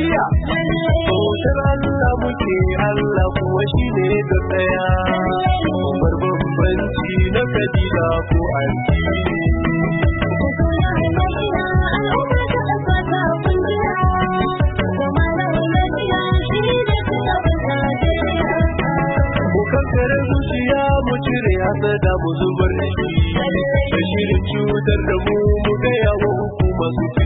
tarayya bautar Allah muke Allah kuwa shi ne da tsaya bar bambanci na kabila ko addini kankare zuciya mu cire hasada mu zubar da shi da shirin cutar da mu mu gaya wa hukuma su fi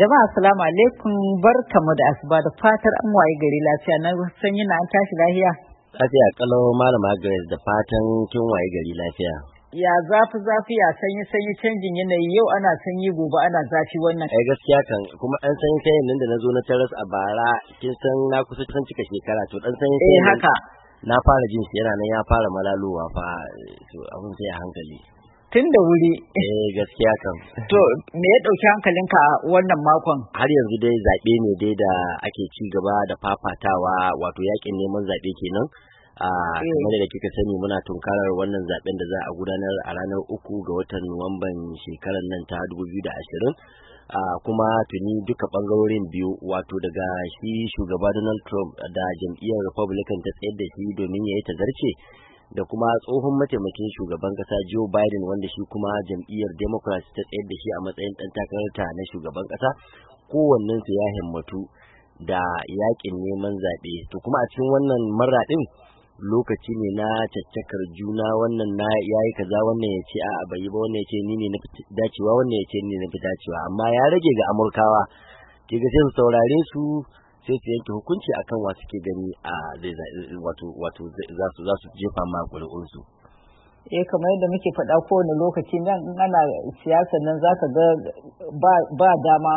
Jama'a assalamu alaikum barkamu da asuba da fatar an waye gari lafiya na san yana an tashi lafiya. Lafiya kalau malama Grace da fatan kin waye gari lafiya. Ya zafi zafi ya sanyi sanyi canjin yanayi yau ana sanyi gobe ana zafi wannan. ai eh, gaskiya kan kuma an sanyi sanyin nan da na zo na taras a bara kin san na kusa san cika shekara to dan sanyi sanyin. Eh haka. Na fara jin shi yana nan ya fara malalowa fa to abin sai a hankali. tun da wuri. Eh gaskiya kan. To me ya ɗauki hankalinka wannan makon? Har yanzu dai zaɓe ne dai da ake ci gaba da fafatawa wato yakin neman zaɓe kenan. Ah, eh. kamar da kika sani muna tunkarar wannan zaɓen da za a gudanar a ranar uku ga watan Nuwamban shekarar nan ta 2020. Uh, ah, kuma tuni duka bangarorin biyu wato daga shi shugaba Donald Trump da jam'iyyar Republican ta tsayar da shi domin ya yi tazarce da kuma tsohon mataimakin shugaban kasa Joe Biden wanda shi kuma jam'iyyar Democrat ta tsayar da shi a matsayin ɗan takararta na shugaban kasa su ya himmatu da yakin neman zaɓe to kuma a cikin wannan maraɗin lokaci ne na caccakar juna wannan na yayi kaza wannan ya ce a bai ba wannan ya ce ni ne na dacewa wannan ya ce ni ne na dacewa amma ya rage ga amurkawa kiga sai su saurare su sai su yanke hukunci akan wa suke gani a wato wato za su jefa ma ƙuri'unsu. eh kamar yadda muke faɗa kowane lokaci nan ana siyasa nan za ka ga ba dama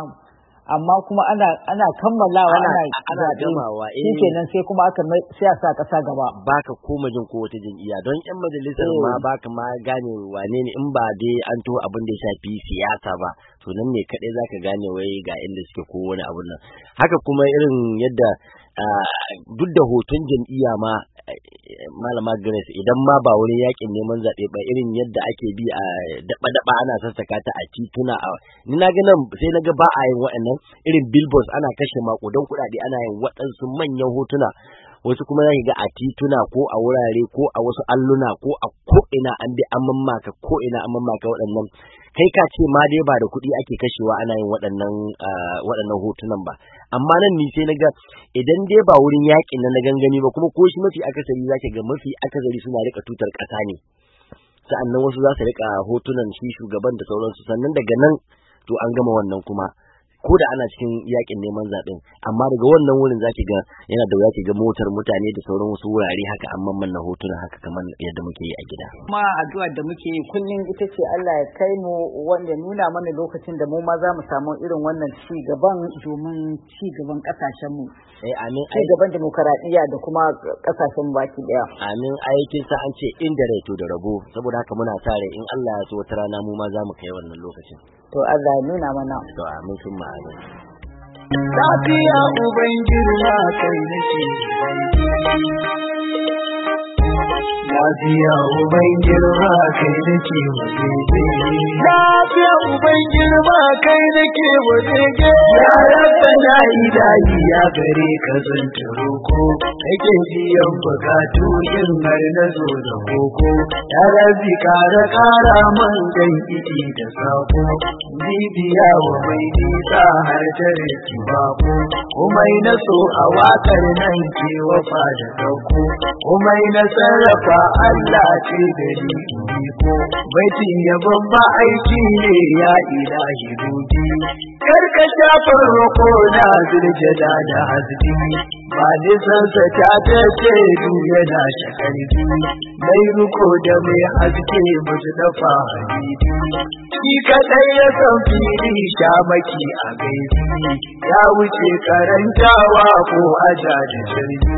amma kuma ana ana kammalawa ana ana gamawa eh kenan sai kuma aka sai kasa gaba baka koma jin ko wata iya don yan majalisar oh. ma baka ma gane wane ne in ba dai an to abin da ya shafi siyasa ba to nan ne kadai zaka gane wai ga inda suke ko wani abun nan haka kuma irin yadda ah, duk da hoton jam'iyya ma malama grace idan ma ba wurin yakin neman zaɓe ba irin yadda ake bi a daba-daba ana sassaka ta a tituna ni na ganin sai na ga ba a yin waɗannan irin billboards ana kashe makudan kuɗaɗe ana yin waɗansu manyan hotuna wasu kuma zaki ga a tituna ko a wurare ko a wasu alluna ko a ko ina an bi an mamaka ko ina an mamaka waɗannan kai ka ce ma dai ba da kuɗi ake kashewa ana yin waɗannan ah, waɗannan hotunan ba amma nan ni sai naga idan dai ba wurin yakin nan na gangami ba kuma ko shi mafi akasari zaka ga mafi akasari suna rika tutar ƙasa ne sa'annan wasu za su rika hotunan shi shugaban da sauransu sannan daga nan to an gama wannan kuma ko da ana cikin yakin neman zaɓen amma daga wannan wurin za ki ga yana da wuya ki ga motar mutane da sauran wasu wurare haka an manna hotuna haka kamar yadda muke yi a gida. Kuma addu'a da muke yi kullum ita ce Allah ya kai mu wanda nuna mana lokacin da mu ma za mu samu irin wannan ci gaban domin ci gaban kasashen mu. Eh, amin. Ci gaban demokaradiyya da kuma kasashen baki daya. Amin aikin sa an ce inda rai to da rabo saboda haka muna tare in Allah ya so wata rana mu ma za mu kai wannan lokacin. to Allah ya nuna mana to amin sun ma'ana lafiya uban na kai nake Lafiya uban girma kai nake wadege. Lafiya uban girma kai nake wadege. Ya na ya gare ka zanta roko. Nake biyan bukatu in har na zo da koko. Ya rabbi kara kara man dan iki da sako. Bibiya wa mai nisa har ta riki bako. Kuma na so a wakar nan ke wafa da dauko. Kuma mai na sarrafa Allah ce da ni ko baitin ya ba aiki ne ya ilahi dubi karka shafar roko na zirjada da hazbi ba nisansa ta ta ce duk yana shakarbi mai ruko da mai haske mujdafa hamidi shi kaɗai ya san fili maki a gaibi ya wuce karantawa ko aja da jirgi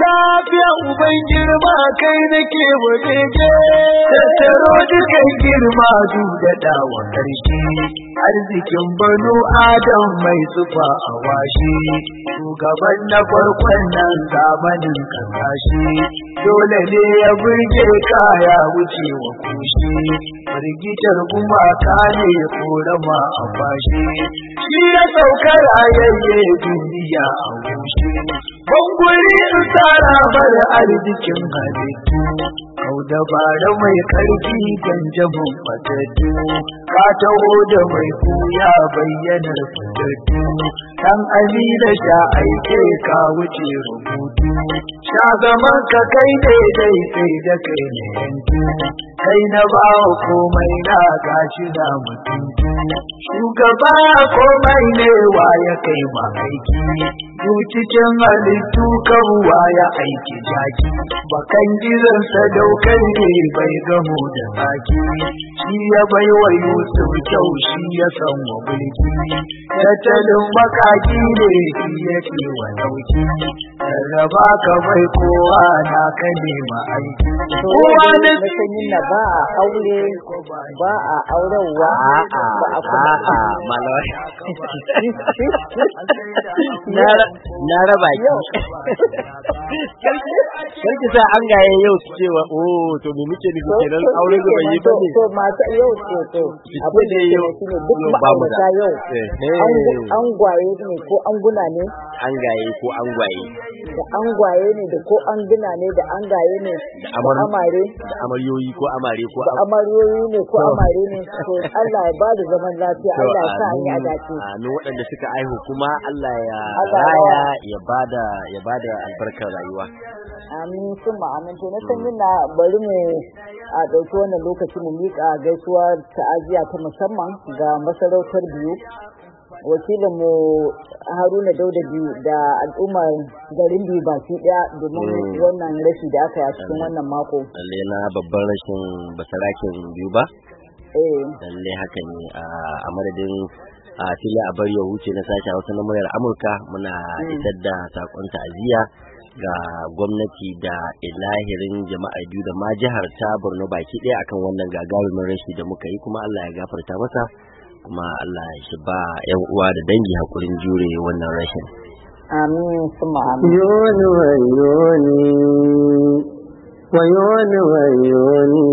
lafiya uban girma kai nake wadege tattaro dukkan girma duk da dawa karshe arzikin banu adam mai zufa a washe shugaban na farkon nan zamanin kasashe dole ne ya burge kaya wuce wa ne firgitar gumaka ne korama a fashe shi ya saukar yayye duniya a gushe bangwari in tsara bar arzikin halittu kau dabara mai karfi ganjamin fatattu ka taho da mai kuya bayyanar fitattu dan ali da sha aike ka wuce rubutu sha zaman ka kai daidai sai da kai ne yanki kai na shugaba komai na gashi da mutum shugaba komai ne wa ya kai ma aiki du cikin halittu kan waya ya aiki jaki bakan gizon sadaukar ne bai gamo da baki shi ya bai wa yusuf kyau shi ya san wa mulki tattalin makaki ne shi ya wa dauki raba ka bai kowa na ka nema aiki kowa na na ba a aure ba a aurewa a a ba a kuma a na raba ki karki sa an gaye yau su cewa oh to me muke nufi kenan aure da bai yi ba ne to mata yau to to abin da yau duk ma'aurata yau eh, an eh. gwaye ne ko an guna ne an gaye ko an gwaye da an gwaye ne da ko an ne da an gaye ne da amare da amaryoyi ko amare ko amaryoyi ne ko amare ne to Allah ya ba da zaman lafiya Allah ya sa ya dace amin waɗanda suka haihu kuma Allah ya raya ya ba da ya ba da albarkar rayuwa amin sun ma amin to na san na bari mu a ɗauki wannan lokaci mu miƙa gaisuwa ta'aziya ta musamman ga masarautar biyu wakilinmu haruna dauda biyu da al'ummar garin biyu baki daya domin mm. wannan rashi da aka yi a cikin wannan mako lalle na babban rashin basarakin biyu ba eh. lalle haka ne a madadin a fili a bari ya na sashi hausa na muryar amurka muna mm. isar da sakon ta'aziyya ga gwamnati da ilahirin jama'a biyu da ma jihar ta borno baki ɗaya akan wannan gagarumin rashi da muka yi kuma allah ya gafarta masa kuma Allah shi ba yan uwa da dangi hakurin jure wannan rashin amin kuma amin yoni wayoni wayoni wayoni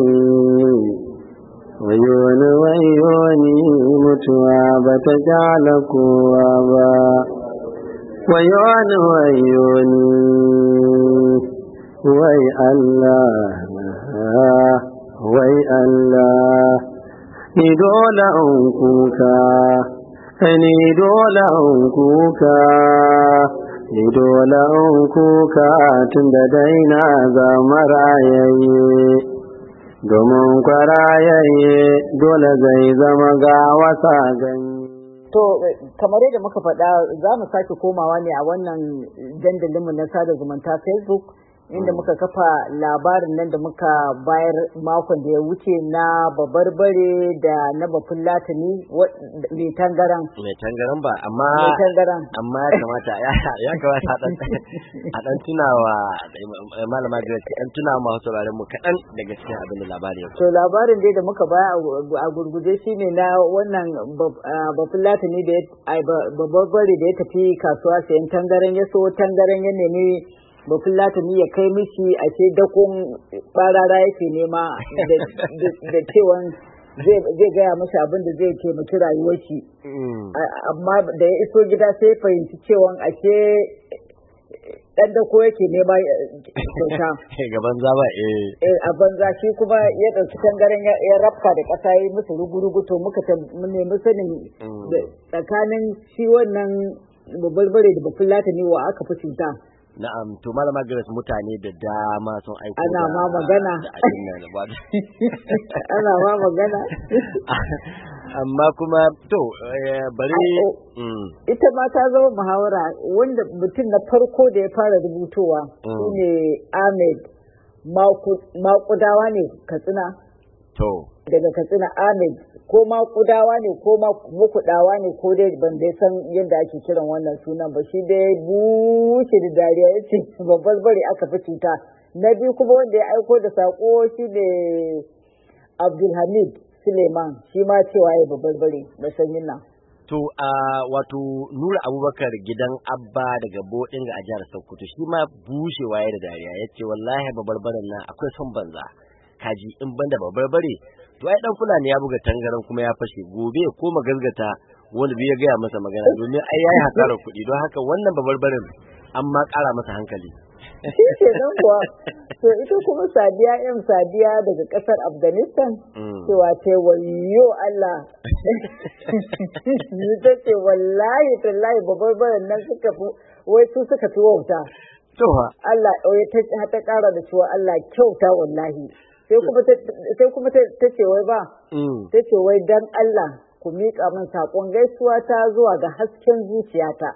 wayoni wayoni mutuwa ba ta jala kowa ba wayoni wayoni wai Allah wai Allah ni dole an kuka ni dole an kuka ni dole an kuka tun da daina zama rayayye domin kwarayayye dole zai zama ga wasa ganye. To, kamar yadda muka faɗa za mu sake komawa ne a wannan dandalinmu na sada zumunta Facebook inda muka kafa labarin nan da muka bayar makon da ya wuce na babarbare da na bafin latini mai tangaran mai tangaran ba amma mai tangaran amma ya kamata ya kamata a dan tunawa malama Grace an tunawa masu sauraron mu kaɗan daga cikin abin da labari ya to labarin dai da muka baya a gurguje ne na wannan bafin latini da babarbare da ya tafi kasuwa sayan tangaran ya so tangaran ya nemi Bafin bafulatani ya kai mishi a ce dakon barara yake nema da cewan zai gaya masa abin da zai taimaki rayuwar shi mm. amma da ya iso gida sai fahimci cewan ashe dan dako yake nema eh, kyauta eh, ga banza ba eh. eh a banza shi kuma ya ɗauki tangaren ya rafka da ƙasa yi musu rugurugu to muka nemi sanin mm. tsakanin shi wannan babbar bare da bafin ne wa aka fi cuta Na'am, to malama Grace mutane da dama sun aiko Ana ma magana. Ana ma magana. Amma kuma to eh, bari oh, mm. ita ma ta zama muhawara wanda mutum na farko da ya fara rubutowa mm. ne Ahmed Makudawa ne Katsina. To. Daga Katsina Ahmed ko ma kudawa ne ko ma mukudawa ne ko dai ban dai san yadda ake kiran wannan sunan ba shi dai buce da dariya ya ce babbar bari aka fi cuta na biyu kuma wanda ya aiko da saƙo shi ne abdulhamid suleiman shi ma cewa ya babbar bari ba san nan To a wato Nura Abubakar gidan Abba daga Bodinga a jihar Sokoto shi ma bushewa ya da dariya ya ce wallahi babbar barin nan akwai son banza kaji in banda bari to ai dan fulani ya buga tangaran kuma ya fashe gobe ya koma wani wanda zai gaya masa magana domin ai yayi hasarar kuɗi don haka wannan babarbarin an ma ƙara masa hankali ke nan kuwa to ita kuma sadiya yan sadiya daga ƙasar afghanistan mm. cewa ce wayo allah ta ce wallahi tallahi babarbarin nan suka fi wai su suka fi wauta Allah ya ta ƙara da cewa Allah kyauta wallahi. sai kuma ta ce wai ba mm. ta ce wai dan Allah ku miƙa min saƙon gaisuwa ta zuwa ga hasken zuciyata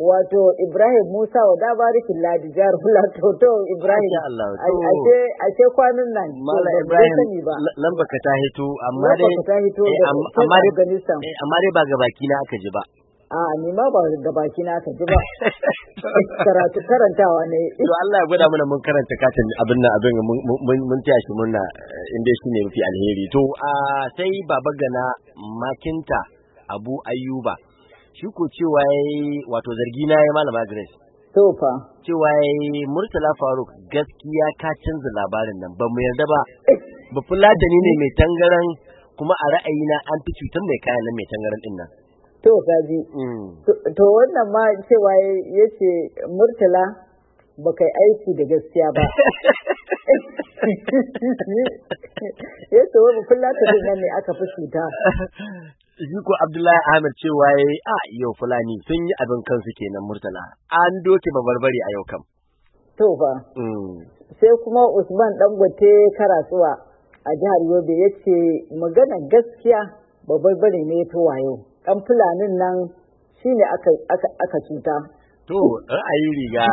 wato Ibrahim Musa wa dabarikin Ladi jihar hula to Ibrahim a ce kwanan nan Mala Ibrahim lamba ka ta hito amma dai amma dai ba ga baki na aka ji ba a ni ma ba ga baki na ka ji ba karatu karantawa ne to Allah ya gwada mana mun karanta katin abin nan abin mun mun taya shi na. Eh, inda shi ne mafi alheri to a sai baba gana makinta Abu Ayyuba shi ko cewa yayi wato zargi na yayi malama Grace to fa cewa yayi Murtala Faruk gaskiya ka canza labarin nan ba mu yarda ba ba fulatani ne mai tangaran kuma a ra'ayina an fi cutar mai kayan nan mai tangaran din nan to gaji mm. to wannan ma cewa ya ce murtala ba kai aiki da gaskiya ba ya ce wani fulata din nan ne aka fi cuta shi Abdullahi Ahmed cewa ya yi a yau fulani sun yi abin kansu kenan murtala an doke ba barbari a yau kam to ba. Mm. sai kuma Usman Dangote karasuwa a jihar Yobe ya ce magana gaskiya ba barbari ne ya to wayo ɗan fulanin nan shi ne aka cuta to ra'ayi riga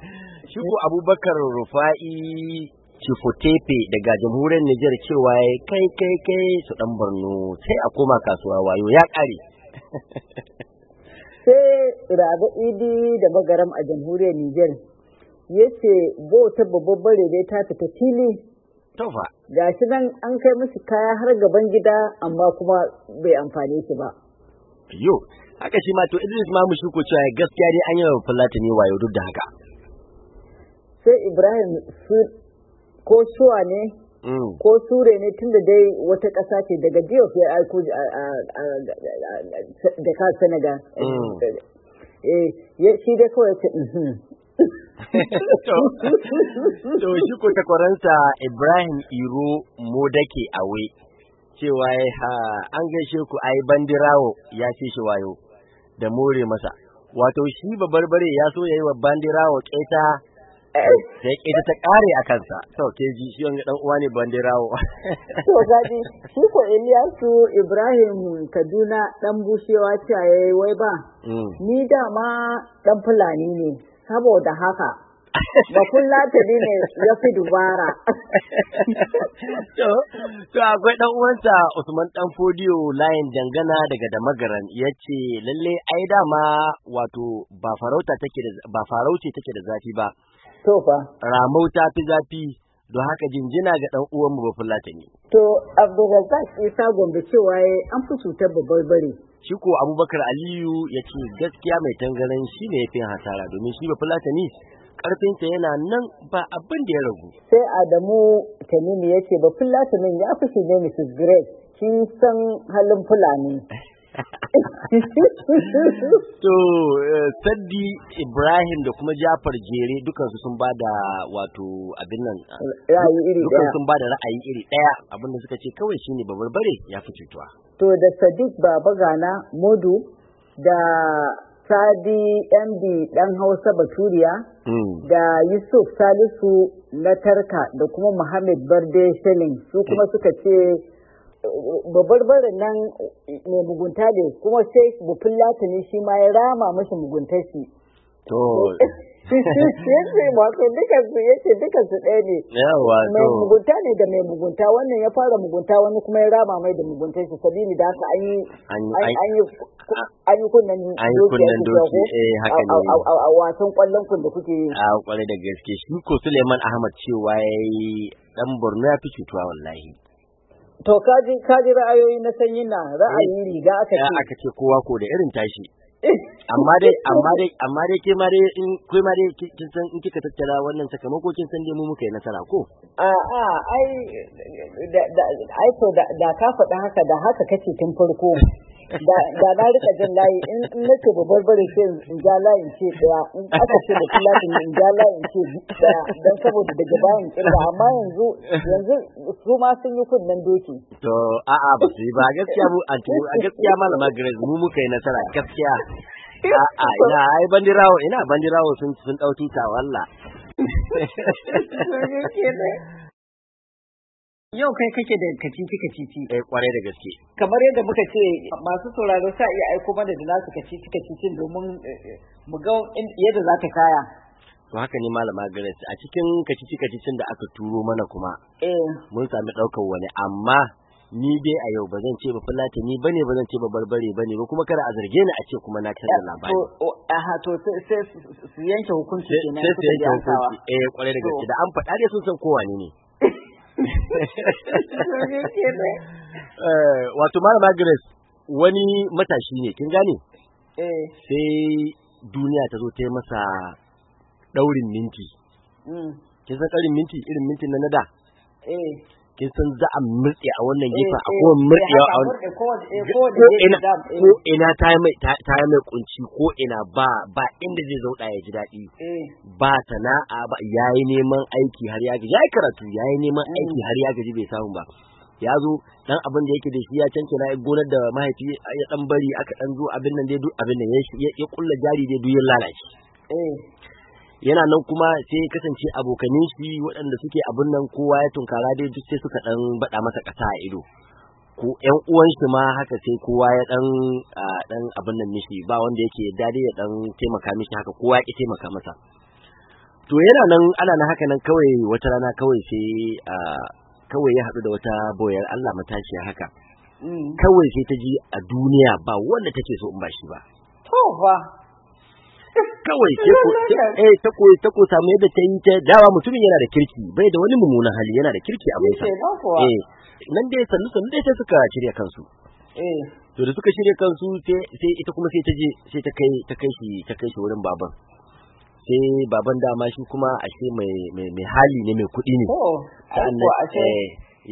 shi ko Abubakar Rufa'i Chifotepe daga jamhuriyar Nijar cewa kai kai kai su ɗan Borno sai a koma kasuwa wayo ya ƙare. sai Rabu idi da magaram a jamhuriyar Nijar ya ce bauta babbar dai ta fita fili Ga shi nan an kai musu kaya har gaban gida amma kuma bai amfane shi ba. yo haka shi ma to Idris ma mu shuko cewa gaskiya dai an yi wa ne wayo duk da haka sai Ibrahim su ko suwa ne mm. ko sure ne tunda dai wata ƙasa ce daga Diop ya aiko da ka Senegal mm. eh shi dai kawai ce mhm. to shi ko takwaransa Ibrahim Iro Modake Awe cewa an gaishe ku ai bandirawo ya ce shi wayo da more masa wato shi barbare ya so yayi wa bandirawo keta eh, sai keta ta kare a kansa to ke ji shi wani dan uwa ne bandirawo to gadi shi ko Iliyasu Ibrahim Kaduna dan bushewa ce yayi wai ba mm. ni da ma dan fulani ne saboda haka ba latani ne ya fi dubara to akwai dan uwansa Usman dan Fodiyo layin dangana daga da magaran yace lalle ai dama wato ba farauta take da ba da zafi ba to fa ramau ta fi zafi don haka jinjina ga dan uwanmu ba ne. to Abdulrazak sa Gombe cewa an fi cutar babbar bare shi ko abubakar aliyu ya ce gaskiya mai tangaran shi ne ya fi hasara domin shi ba ne. Ƙarfinsa yana nan ba abin da ya ragu. Sai Adamu Tanimu ya ce ba min, ya fi ne Mrs. Grace kin san halin Fulani. to eh, saddi ibrahim da kuma jafar jere dukansu sun ba da wato abin nan ah, dukansu sun ba da ra'ayi iri daya abinda suka ce kawai shine babarbare ya fi cutuwa to da sadiq baba gana modu da Sadi MD ɗan Hausa Baturiya hmm. da Yusuf Salisu na Tarka da kuma Muhammad Barde Shenin su kuma suka ce babarbarin nan mai mugunta ne kuma sai bufin ne shi ma ya rama mashi mugunta shi. yace wato duka su yace duka su ɗaya ne yawa to mai mugunta ne da mai mugunta wannan ya fara mugunta wani kuma ya rama mai da mugunta shi sabili da haka an yi an yi an yi kunnen doki eh haka ne a wasan kwallon kun da kuke yi a kwarai da gaske shi ko Suleiman Ahmad cewa yayi dan Borno ya fi cutuwa wallahi to kaji kaji ra'ayoyi na sanyi na ra'ayi riga aka ce aka ce kowa ko da irin tashi amma dai ke ma in kai ma kin san in kika tattara wannan sakamako kin san dai mu muka yi nasara ko a a ai da ai to da ka faɗa haka da haka kace tun farko da na rika jin layi in ce babbar bari sai in ja layin ce daya in aka ce da filatin in ja layin ce daya don saboda daga bayan kirga amma yanzu yanzu su ma sun yi kunnen doki. to a'a ba su yi ba gaskiya mu a gaskiya malama grace mu muka yi nasara gaskiya a'a ina ai bandirawo ina bandirawo sun sun dauki ta walla. Yau kai kake da kacici kacici. Eh kwarai da gaske. Kamar yadda muka ce masu sauraro sa iya aiko mana da nasu kacici kacicin domin eh, mu ga yadda za ta kaya. To haka ne malama garis a cikin kacici kacicin da aka turo mana kuma. Eh. Mun sami ɗaukar wani amma ni dai a yau ba zan ce ba fulata ni bane ba zan ce ba barbare bane ba kuma kada a zarge ni a ce kuma na canza eh, labari. Aha to sai su yanke hukunci kenan. Sai su yanke hukunci eh kwarai da gaske da an faɗa dai sun san kowa ne ne. Eh, wato mara Grace wani matashi ne, kin gane? Eh. Sai duniya ta zo ta yi masa ɗaurin minti. Mm. Kin minti irin mintin na nada? Eh. kin san za a murɗe a wannan eh, gefen eh, a kowa murɗewa a wannan eh, ko ina ta yi mai kunci ko ina ba ba inda zai zauɗa ya ji daɗi ba sana'a ba yi neman aiki har ya gaji yi karatu yi neman mm. aiki har ya gaji bai samu ba ya zo dan abin da yake da shi ya canke na gonar da mahaifi ya dan bari aka dan zo abin nan dai duk abin nan ya kulla jari dai duk ya lalace yana nan kuma sai ya kasance abokanin shi waɗanda suke abin nan kowa ya tunkara dai duk sai suka ɗan baɗa masa ƙasa a ido ko ƴan uwan shi ma haka sai kowa ya ɗan dan abin nan mishi ba wanda yake yadda dai ya ɗan taimaka mishi haka kowa ya taimaka masa to yana nan ana na haka nan kawai wata rana kawai sai kawai ya haɗu da wata boyar Allah matashiya haka mm. kawai sai ta ji a duniya ba wanda take so in ba shi ba to fa kawai eh ta ko ta koyi samu yadda ta yi ta dawa mutumin yana da kirki bai da wani mummunan hali yana da kirki a mai eh nan dai sannu sannu dai sai suka shirya kansu eh to da suka shirya kansu sai sai ita kuma sai ta je sai ta kai ta kai shi ta kai shi wurin baban sai baban dama shi kuma ashe mai mai mai hali ne mai kuɗi ne oh eh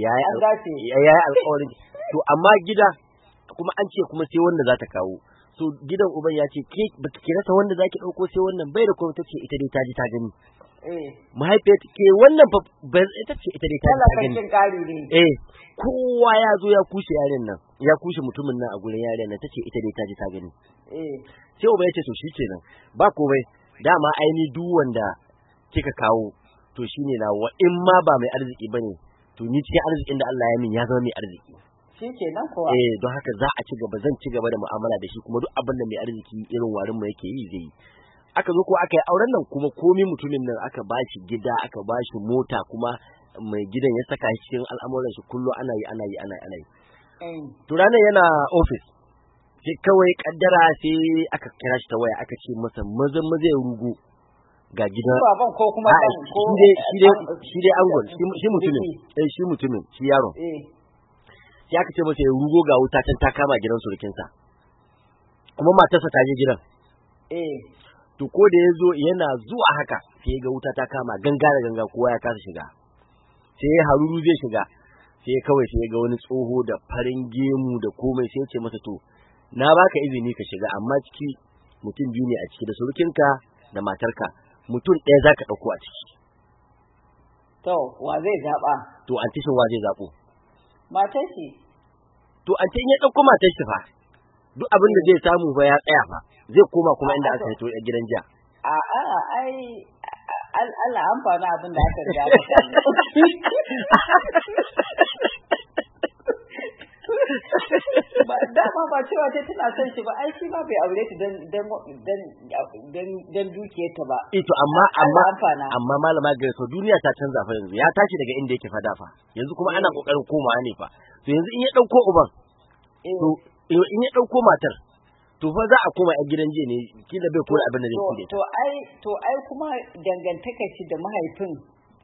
yayi alƙawari to amma gida kuma an ce kuma sai wanda za ta kawo so gidan uban ya ce ke baki ki rasa wanda zaki dauko sai wannan bai da kuma tace ita dai ta ji ta gani eh mahaifiyar ke wannan ba ita ce ita dai ta ji ta gani eh kowa ya zo ya kushe yaren nan ya kushe mutumin nan a gurin yaren nan tace ita dai ta ji ta gani eh sai uba ya ce to shikenan ba komai dama aini duk wanda kika kawo to shine na wa in ma ba mai arziki bane to ni cikin arzikin da Allah ya min ya zama mai arziki nan kowa eh don haka za a ci gaba zan ci gaba da mu'amala da shi kuma duk abin da mai arziki irin warin mu yake yi zai yi aka zo ko aka yi auren nan kuma komi mutumin nan aka ba shi gida aka ba shi mota kuma mai gidan ya saka shi cikin al'amuran shi kullum ana yi ana yi ana yi ana eh. to ranar yana ofis sai kawai kaddara sai aka kira shi ta waya aka ce masa mazan maza ya rugo ga gidan shi dai angon shi mutumin eh, shi mutumin shi yaron eh. sai aka ce masa ya rugo ga wuta can ta kama gidan surukinsa kuma matarsa ta je gidan eh to ko da ya yana zuwa haka sai ga wuta ta kama ganga da ganga kowa ya kasa shiga sai haruru zai shiga sai kawai sai ga wani tsoho da farin gemu da komai sai ce masa to na baka izini ka shiga amma ciki mutum biyu ne a ciki da surukinka da matarka mutum ɗaya za ka ɗauko a ciki. To, wa zai zaɓa? To, antishin wa zai zaɓo? Matar shi. to an ce in ya ɗauko matar shi fa duk abin da zai samu fa ya tsaya fa zai koma kuma inda aka fito gidan jiya a a ai Allah amfana abin da aka riga dama ba cewa ce tana son shi ba ai shi ma bai aure ta dan dan dan dan dukiyarta ba eh to amma amma amma malama gare so duniya ta canza fa yanzu ya tashi daga inda yake fada fa yanzu kuma ana eh. kokarin komawa ne fa to yanzu in ya ɗauko uban eh. to eh, in ya ɗauko matar to fa za a koma a gidan jiya ne kila bai kula abin da zai kula to ai to ai kuma dangantaka shi da mahaifin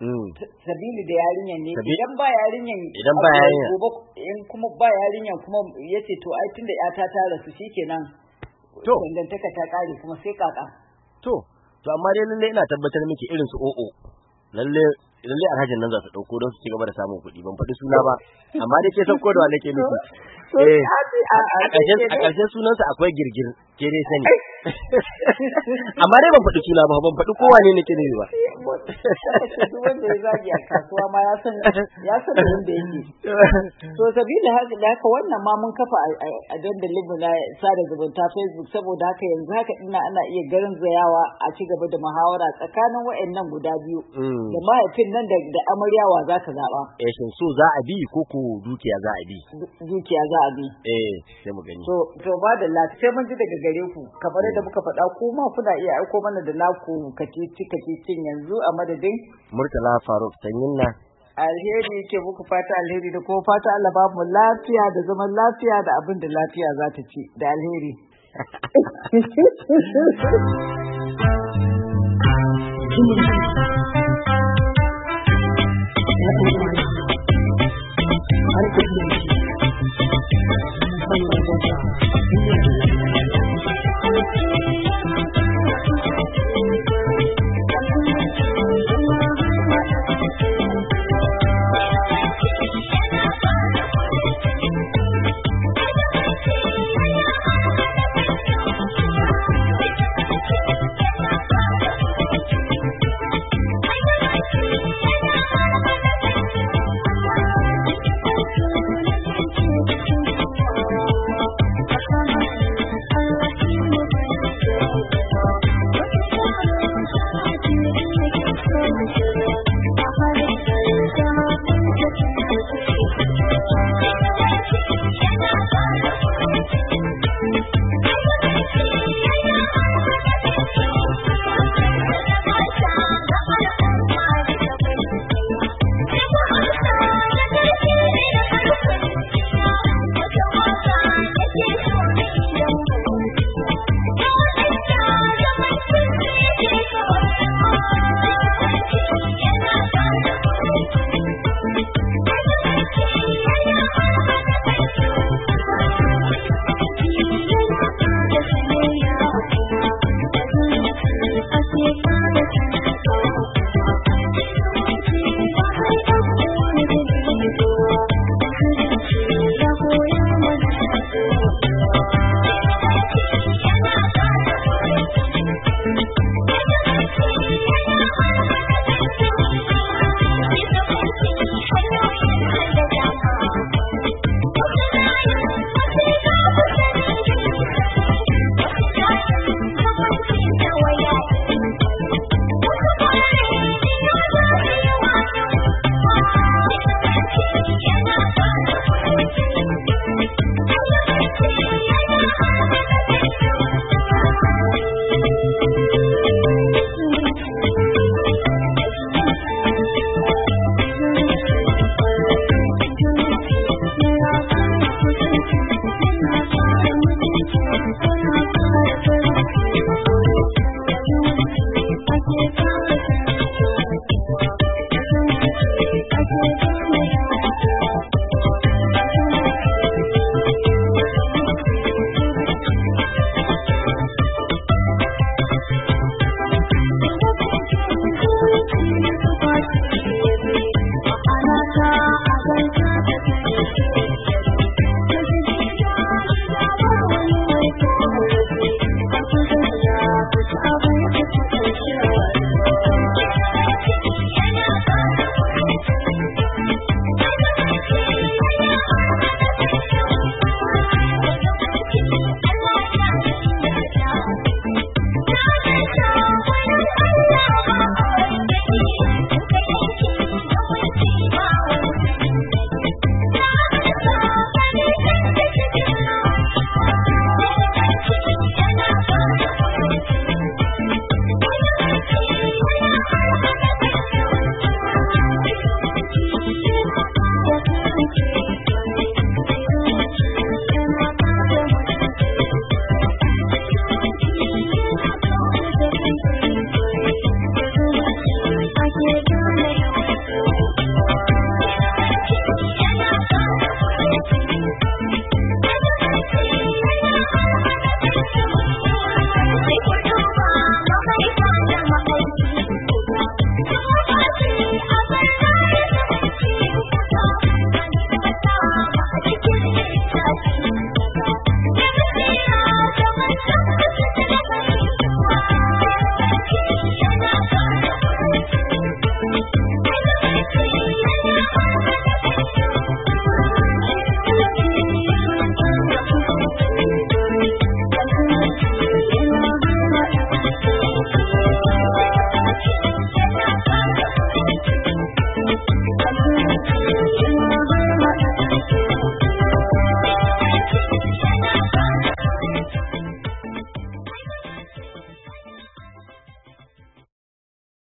hmm. sabili da yarinyan ne idan ba yarinyan idan ba yarinyan in kuma ba yarinyan kuma yace to ai tunda yata ta rasu shikenan to dangantaka ta kare kuma sai kaka to to amma dai lalle ina tabbatar miki irin su o'o lalle dai alhajin nan za su ɗauko don su ci gaba da samun kuɗi ban faɗi suna ba amma dai ke sauko da wa nake nufi Eh, a ƙarshen sunansa akwai girgir ke dai sani amma dai ban faɗi suna ba ban faɗi kowa ne nake nufi ba wanda ya zagi a kasuwa ma ya san ya san da yake to sabila haka da haka wannan ma mun kafa a dandalin mu na sada zumunta facebook saboda haka yanzu haka ina ana iya garin zayawa a ci gaba da muhawara tsakanin wayannan guda biyu mm. da mahaifin nan da amaryawa zaka zaba eh shin so za a bi ko ko dukiya za a bi dukiya za za abi. eh sai mu gani to to ba da la sai mun ji daga gare ku kamar da mm. muka faɗa ko ma kuna iya aiko mana da naku kace ci kace cin yanzu a madadin murtala faruk tanyinna alheri ke muku fata alheri da kuma fata Allah ba mu lafiya da zaman lafiya da abin da lafiya za ta ci da alheri Thank you. Thank you.